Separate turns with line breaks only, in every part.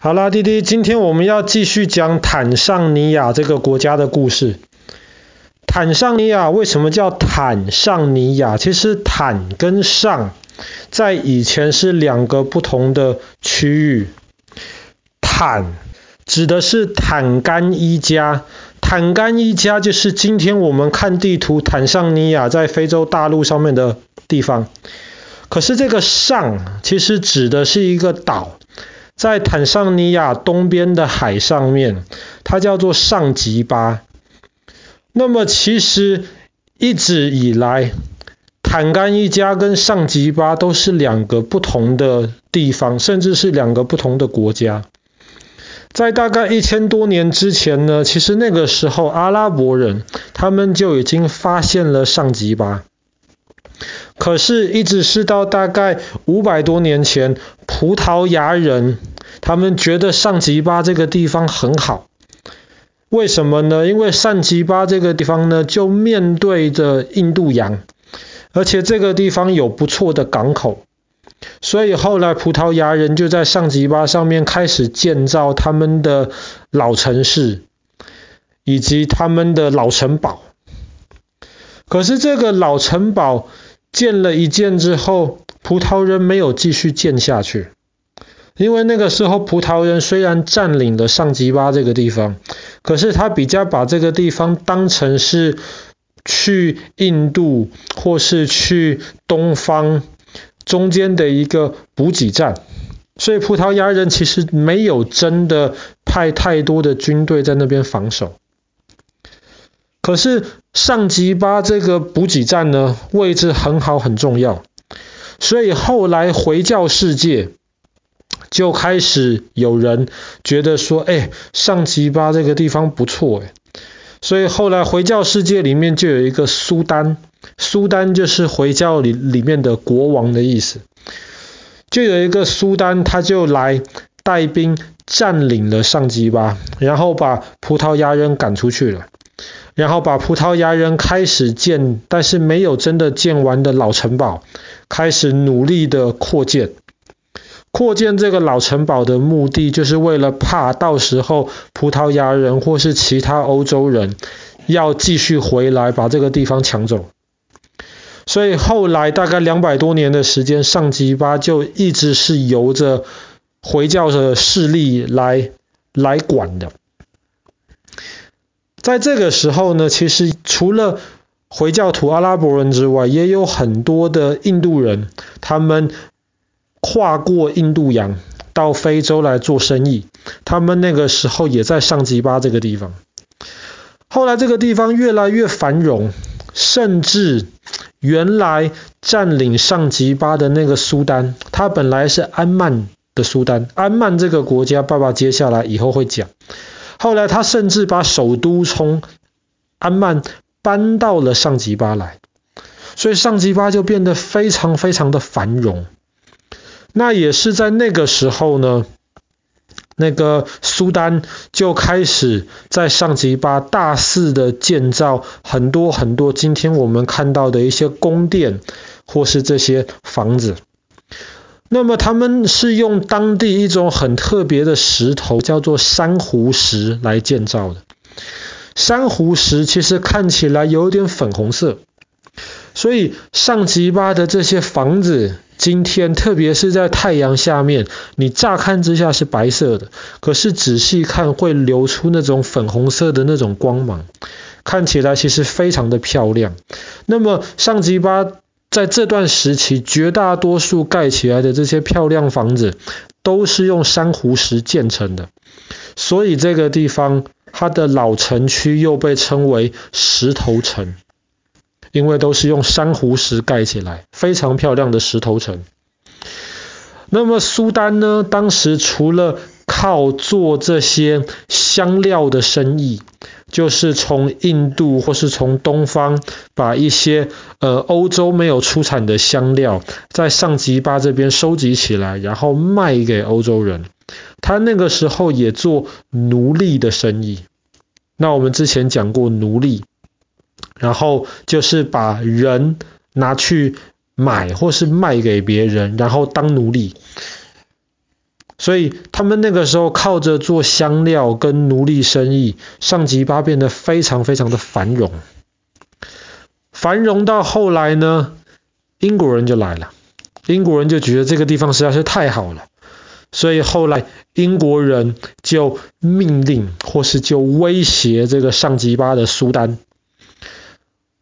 好啦，弟弟，今天我們要繼續講坦尚尼亞這個國家的故事。坦尚尼亞為什麼叫坦尚尼亞？其實坦跟尚在以前是兩個不同的區域。坦指的是坦干伊加。坦干伊加就是今天我們看地圖坦尚尼亞在非洲大陸上面的地方。可是這個尚其實指的是一個島。在坦尚尼亞東邊的海上面，它叫做尚吉巴。那麼其實一直以來，坦干伊加跟尚吉巴都是兩個不同的地方，甚至是兩個不同的國家。在大概一千多年之前呢，其實那個時候阿拉伯人他們就已經發現了尚吉巴。可是，一直是到大概五百多年前，葡萄牙人。他們覺得尚吉巴這個地方很好，為什麼呢？因為尚吉巴這個地方呢，就面對着印度洋，而且這個地方有不錯的港口，所以後來葡萄牙人就在尚吉巴上面開始建造他們的老城市，以及他們的老城堡。可是這個老城堡建了一建之後，葡萄人沒有繼續建下去。因為那個時候，葡萄牙人雖然佔領了尚吉巴這個地方，可是他比較把這個地方當成是去印度或是去東方中間的一個補給站，所以葡萄牙人其實沒有真的派太多的軍隊在那邊防守。可是尚吉巴這個補給站呢，位置很好，很重要，所以後來回教世界。就開始有人覺得說，哎、欸，尚吉巴這個地方不錯誒。所以後來回教世界裡面就有一個蘇丹，蘇丹就是回教裡裡面的國王的意思，就有一個蘇丹他就來帶兵佔領了尚吉巴，然後把葡萄牙人趕出去了，然後把葡萄牙人開始建，但是沒有真的建完的老城堡，開始努力的擴建。擴建這個老城堡的目的，就是為了怕到時候葡萄牙人或是其他歐洲人要繼續回來，把這個地方搶走。所以後來大概兩百多年的時間，尚吉巴就一直是由着回教的勢力來來管的。在這個時候呢，其實除了回教徒阿拉伯人之外，也有很多的印度人，他們。跨過印度洋到非洲來做生意，他們那個時候也在尚吉巴這個地方。後來這個地方越來越繁榮，甚至原來佔領尚吉巴的那個蘇丹，他本來是安曼的蘇丹，安曼這個國家，爸爸接下來以後會講。後來他甚至把首都從安曼搬到了尚吉巴來，所以尚吉巴就變得非常非常的繁榮。那也是在那個時候呢，那個蘇丹就開始在尚吉巴大肆的建造很多很多今天我們看到的一些宮殿或是這些房子。那麼他們是用當地一種很特別的石頭叫做珊瑚石來建造的。珊瑚石其實看起來有點粉紅色，所以尚吉巴的這些房子。今天，特別是在太陽下面，你乍看之下是白色的，可是仔細看會流出那種粉紅色的那種光芒，看起來其實非常的漂亮。那麼尚吉巴在這段時期，絕大多數蓋起來的這些漂亮房子，都是用珊瑚石建成的，所以這個地方它的老城區又被稱為石頭城。因為都是用珊瑚石蓋起來，非常漂亮的石頭城。那麼蘇丹呢？當時除了靠做這些香料的生意，就是從印度或是從東方把一些呃歐洲沒有出產的香料，在尚吉巴這邊收集起來，然後賣給歐洲人。他那個時候也做奴隸的生意。那我們之前講過奴隸。然後就是把人拿去買，或是賣給別人，然後當奴隸。所以他們那個時候靠着做香料跟奴隸生意，尚吉巴變得非常非常的繁榮。繁榮到後來呢，英國人就來了。英國人就覺得這個地方實在是太好了，所以後來英國人就命令或是就威脅這個尚吉巴的蘇丹。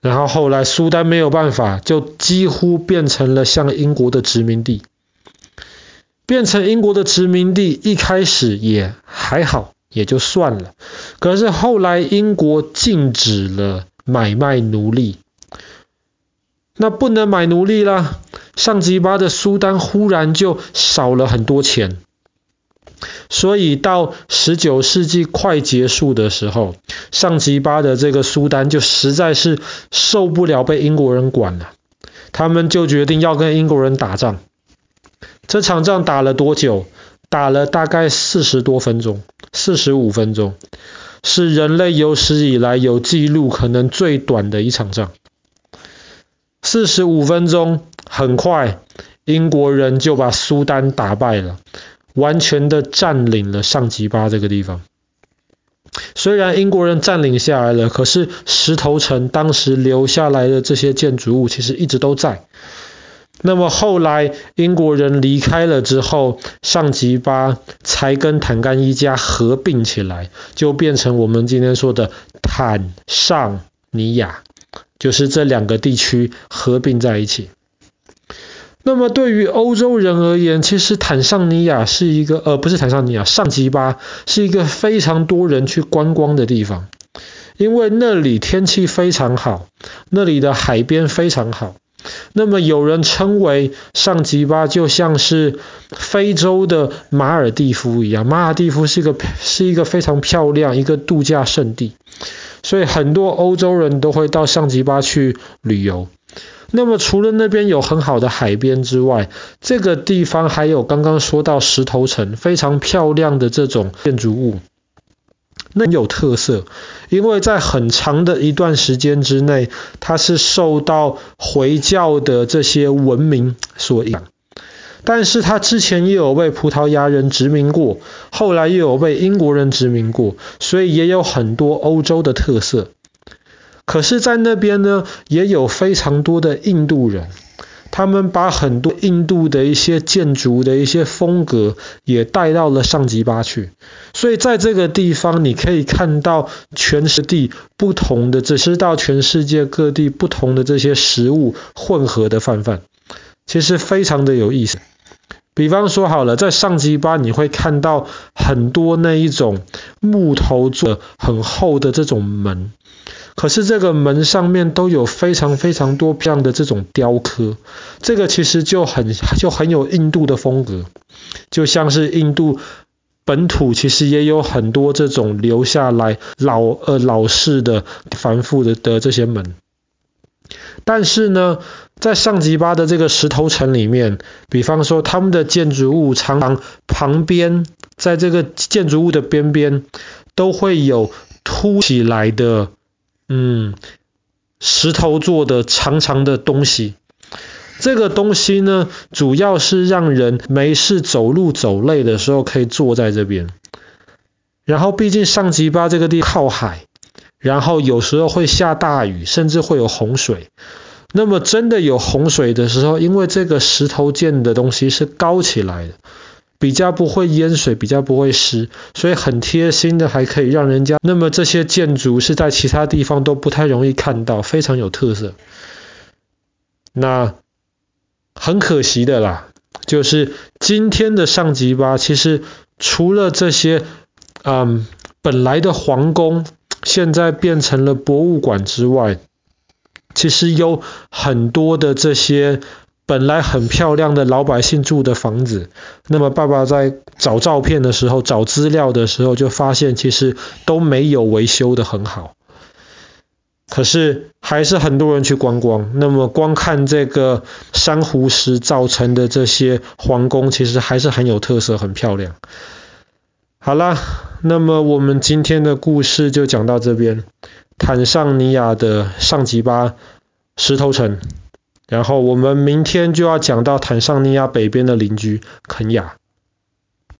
然後後來蘇丹沒有辦法，就幾乎變成了像英國的殖民地，變成英國的殖民地。一開始也還好，也就算了。可是後來英國禁止了買賣奴隸，那不能買奴隸了，尚吉巴的蘇丹忽然就少了很多錢。所以到十九世紀快結束的時候，尚吉巴的這個蘇丹就實在是受不了被英國人管了，他們就決定要跟英國人打仗。這場仗打了多久？打了大概四十多分鐘，四十五分鐘，是人類有史以來有記錄可能最短的一場仗。四十五分鐘很快，英國人就把蘇丹打敗了。完全的佔領了尚吉巴這個地方。雖然英國人佔領下來了，可是石頭城當時留下來的這些建築物其實一直都在。那麼後來英國人離開了之後，尚吉巴才跟坦干伊加合併起來，就變成我們今天說的坦尚尼亞，就是這兩個地區合併在一起。那麼對於歐洲人而言，其實坦尚尼亞是一個呃，不是坦尚尼亞，尚吉巴是一個非常多人去觀光的地方，因為那裡天氣非常好，那裡的海邊非常好。那麼有人稱為尚吉巴就像是非洲的馬爾地夫一樣，馬爾地夫是一個是一個非常漂亮一個度假勝地，所以很多歐洲人都會到尚吉巴去旅遊。那麼除了那邊有很好的海邊之外，這個地方還有剛剛說到石頭城，非常漂亮的這種建築物，那有特色。因為在很長的一段時間之內，它是受到回教的這些文明所影響，但是它之前也有被葡萄牙人殖民過，後來又有被英國人殖民過，所以也有很多歐洲的特色。可是，在那邊呢，也有非常多的印度人，他們把很多印度的一些建築的一些風格也帶到了尚吉巴去。所以，在這個地方，你可以看到全世界不同的，只是到全世界各地不同的這些食物混合的飯飯，其實非常的有意思。比方說，好了，在尚吉巴你會看到很多那一種木頭做的很厚的這種門。可是這個門上面都有非常非常多這樣的這種雕刻，這個其實就很就很有印度的風格，就像是印度本土其實也有很多這種留下來老呃老式的繁複的的這些門，但是呢，在尚吉巴的這個石頭城裡面，比方說他們的建築物常常旁邊，在這個建築物的邊邊都會有凸起來的。嗯，石頭做的長長的東西，這個東西呢，主要是讓人沒事走路走累的時候可以坐在這邊。然後，畢竟尚吉巴這個地方靠海，然後有時候會下大雨，甚至會有洪水。那麼，真的有洪水的時候，因為這個石頭建的東西是高起來的。比較不會淹水，比較不會濕，所以很貼心的還可以讓人家。那麼這些建築是在其他地方都不太容易看到，非常有特色。那很可惜的啦，就是今天的上集吧。其實除了這些，嗯，本來的皇宮現在變成了博物館之外，其實有很多的這些。本來很漂亮的老百姓住的房子，那麼爸爸在找照片的時候、找資料的時候，就發現其實都沒有維修得很好。可是還是很多人去觀光，那麼光看這個珊瑚石造成的這些皇宮，其實還是很有特色、很漂亮。好啦，那麼我們今天的故事就講到這邊，坦尚尼亞的尚吉巴石頭城。然後我們明天就要講到坦尚尼亞北邊的鄰居肯亞。